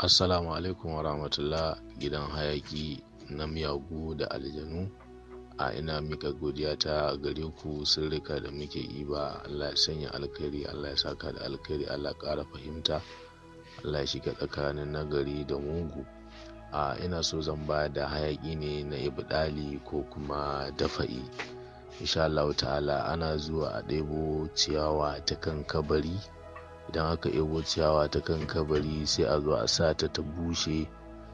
assalamu alaikum warahmatullah gidan hayaki na miyagu da aljanu a ina mika godiya ta gare ku sirrika da muke yi ba allah ya sanya alkhairi allah ya saka da alkhairi allah ƙara fahimta allah ya shiga tsakanin nagari da mugu a ina so zan ba da hayaki ne na ibdali ko kuma dafa'i insha allah ta'ala ana zuwa a ɗebo ciyawa ta kan kabari idan aka ebo ciyawa ta kan kabari sai a zo a sa ta ta bushe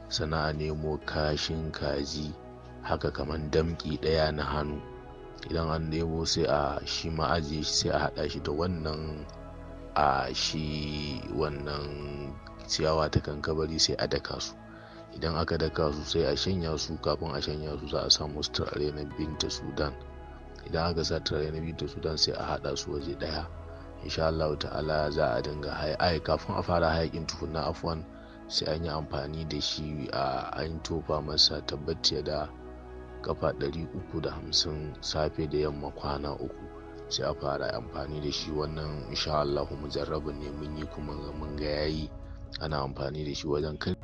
sana a nemo kashin kaji haka kamar damki ɗaya na hannu idan an nemo sai a shi ma'aji sai a hada shi da wannan a shi wannan ciyawa ta kan kabari sai a daka su idan aka daka su sai a shanya su kafin a shanya su za a sa musu turare na binta sudan idan aka sa turare na binta sudan sai a hada su waje ɗaya insha Allah ta'ala za a dinga ai kafin a fara hayakin tukunna afwan sai an yi amfani da shi a an tofa masa tabbaci da kafa 350 safe da yamma kwana uku sai a fara amfani da shi wannan insha Allah jarraba ne mun yi kuma mun ga yayi ana amfani da shi wajen